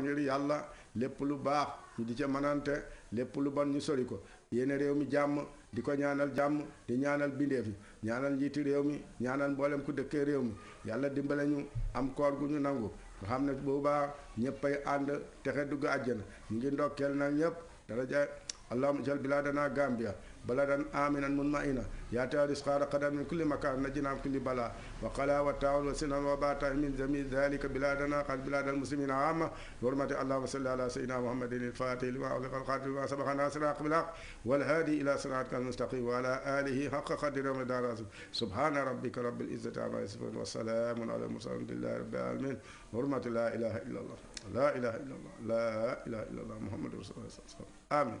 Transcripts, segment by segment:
ngir yàlla lépp lu baax ñu di ca manante lépp lu bon ñu sori ko yéene réew mi jàmm di ko ñaanal jàmm di ñaanal bindeef yi ñaanal njiiti réew mi ñaanal mboolem ku dëkkee réew mi yàlla dimbale ñu am koor gu ñu nangu nga xam ne boobaa ñëppay ànd texe dugg àjjana ñu ngi ndokkeel nag ñëpp dara اللهم اجعل بلادنا غامبيا بلدا امنا مطمئنا يا تعالى رزقا قدم من كل مكان نجنا من كل بلاء وقلا والتعاون وسنا وباتا من جميع ذلك بلادنا قد بلاد المسلمين عامه برمة الله صل على سيدنا محمد الفاتح لما اغلق القاتل لما سبق ناصر حق بالحق والهادي الى صراطك المستقيم وعلى اله حق قدر ومدار سبحان ربك رب العزه عما يصفون والسلام على المرسلين لله رب العالمين برمة لا اله الا الله لا اله الا الله لا اله الا الله محمد رسول الله صلى الله عليه وسلم امين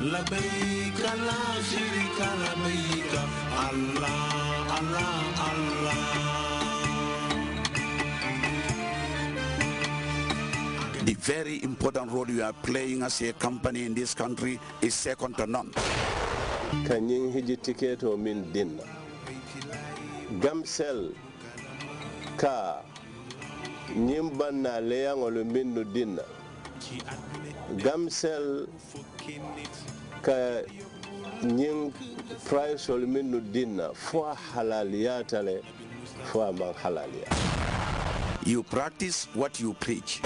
لبيك لا شريك لبيك الله الله الله The very important role you are playing as a company in this country is second to none. Can Kanyin hiji tiketo min dinna. Gamsel ka nyimban na leyangolo min no dinna. Gamsel ka ñiŋ min minnu dinna fo a halaliyata le fo a halaliya you practice what you preach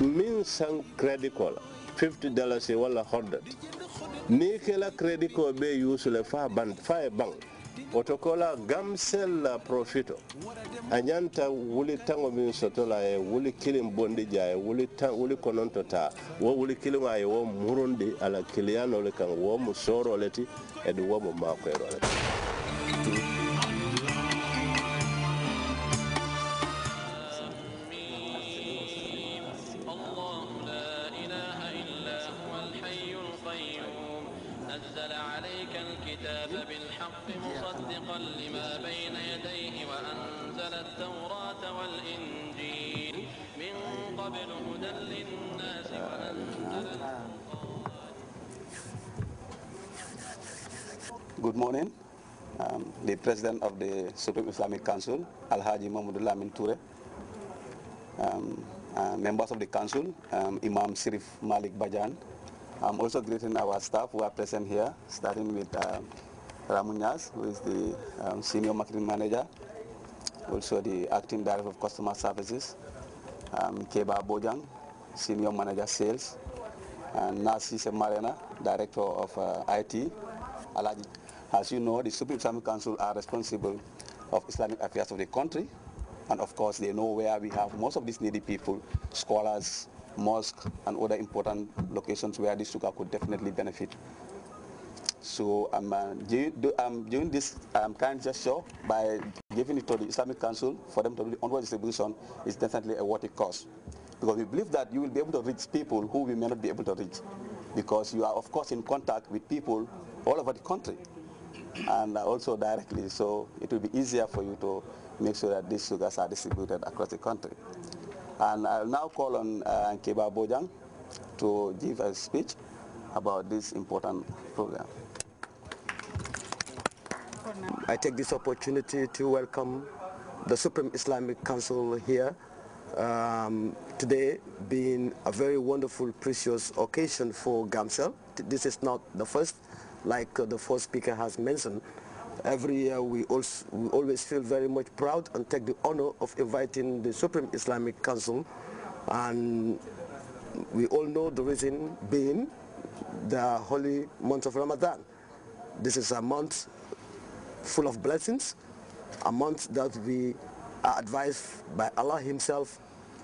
min san credit ko la 50 dollars e wala 100 ni ke la credit ko be yusu le fa ban fa e bank otokola gam sella profito a ñanta wuli tango min sotola e wuli kilin bondija e wuli konontota wo wuli kiliŋo ye wo murundi ala kiliyanole kan womo sorole ti edi womo makoyrole لما بين يديه وأنزل التوراة والإنجيل من قبل هدى للناس وأنزل Good morning. Um, the President of the Supreme Islamic Council, Al-Haji Mahmoud Lamin Toure, um, uh, members of the Council, um, Imam Sirif Malik Bajan. I'm also greeting our staff who are present here, starting with uh, Ramunyas, who is the um, Senior Marketing Manager, also the Acting Director of Customer Services, um, Keba Bojang, Senior Manager Sales, and Narcisse Semarena, Director of uh, IT. As you know, the Supreme Islamic Council are responsible of Islamic affairs of the country, and of course they know where we have most of these needy people, scholars, mosques, and other important locations where this sugar could definitely benefit. So um, uh, do, I'm doing this um, kind gesture by giving it to the Islamic Council for them to do onward distribution is definitely a worthy cause. Because we believe that you will be able to reach people who we may not be able to reach. Because you are, of course, in contact with people all over the country and also directly. So it will be easier for you to make sure that these sugars are distributed across the country. And I'll now call on uh, Keba Bojang to give a speech about this important program. I take this opportunity to welcome the Supreme Islamic Council here um, today being a very wonderful, precious occasion for Gamsel. This is not the first, like uh, the first speaker has mentioned. Every year we, also, we always feel very much proud and take the honor of inviting the Supreme Islamic Council. And we all know the reason being the holy month of Ramadan. This is a month full of blessings, a month that we are advised by Allah himself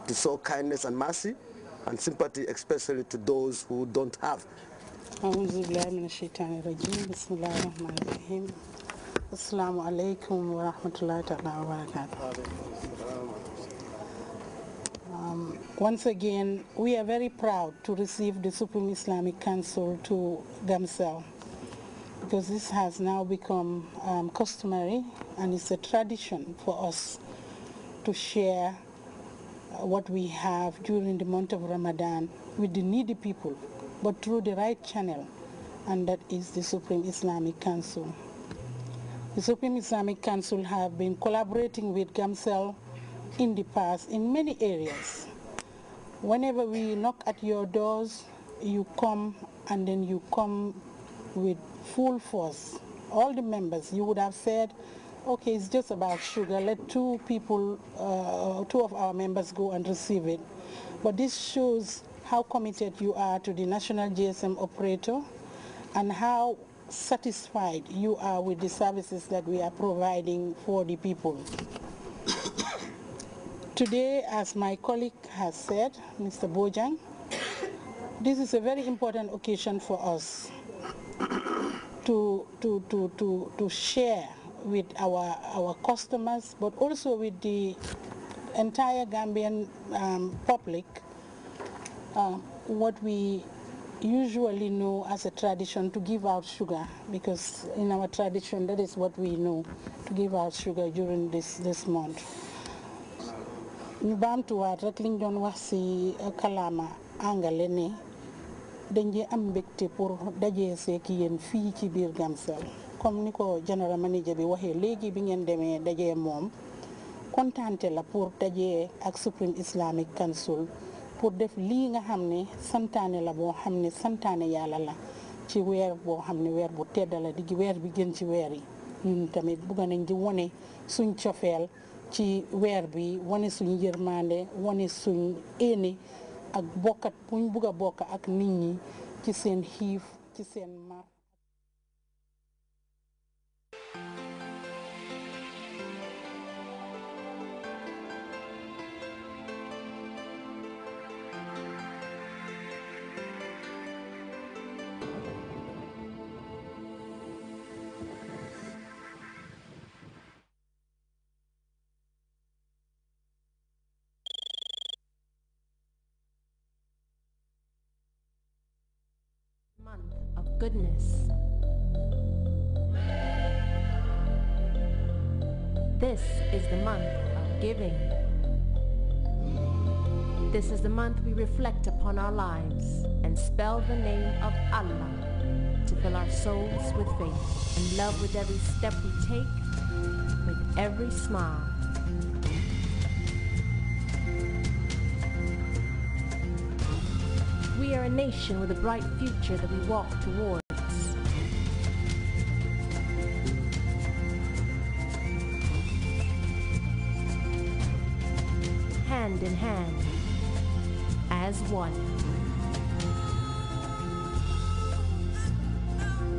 to show kindness and mercy and sympathy especially to those who don't have. Assalamu alaikum wa rahmatullahi ta'ala Once again, we are very proud to receive the Supreme Islamic Council to themselves because this has now become um, customary and it's a tradition for us to share uh, what we have during the month of Ramadan with the needy people, but through the right channel, and that is the Supreme Islamic Council. The Supreme Islamic Council have been collaborating with GAMCEL in the past in many areas. Whenever we knock at your doors, you come and then you come with full force. All the members, you would have said, okay, it's just about sugar. Let two people, uh, two of our members go and receive it. But this shows how committed you are to the national GSM operator and how satisfied you are with the services that we are providing for the people. Today, as my colleague has said, Mr. Bojang, this is a very important occasion for us to, to, to, to, to share with our, our customers, but also with the entire Gambian um, public um, what we usually know as a tradition to give out sugar because in our tradition that is what we know to give out sugar during this this month dañ am mbégte pour dajee seeg yéen fii ci biir gamsel comme ni ko general manager bi waxee léegi bi ngeen demee dajee moom kontaante la pour dajee ak Supreme Islamic Council pour def lii nga xam ne santaane la boo xam ne santaane yàlla la ci weer boo xam ne weer bu tedd la di weer bi gën ci weer yi ñun tamit bugg nañ di wane suñ cofeel ci weer bi wane suñ yërmande wane suñ éene ak bokkat buñ bugg a bokk ak nit ñi ci seen xiif ci seen mar goodness. This is the month of giving. This is the month we reflect upon our lives and spell the name of Allah to fill our souls with faith and love with every step we take, with every smile. a nation with a bright future that we walk towards. Hand in hand, as one.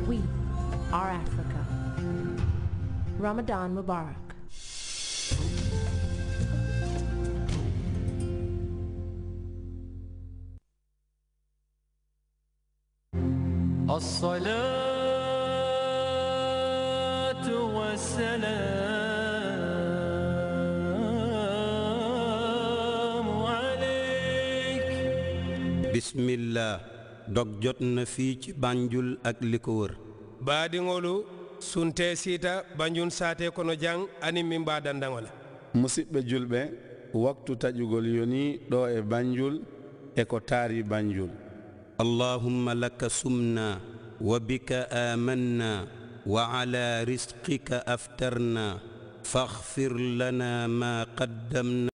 We are Africa. Ramadan Mubarak. bismilla dog jotna fii ci banjul ak li ko wër baadiŋolu sunte siita banjun saate kono jang ani mi mbaa dandaŋo la musidɓe julɓe waktu taƴugol yoni ɗo e banjul e ko taari banjul allahumma laka sumna وبك آمنا وعلى رزقك أفترنا فاغفر لنا ما قدمنا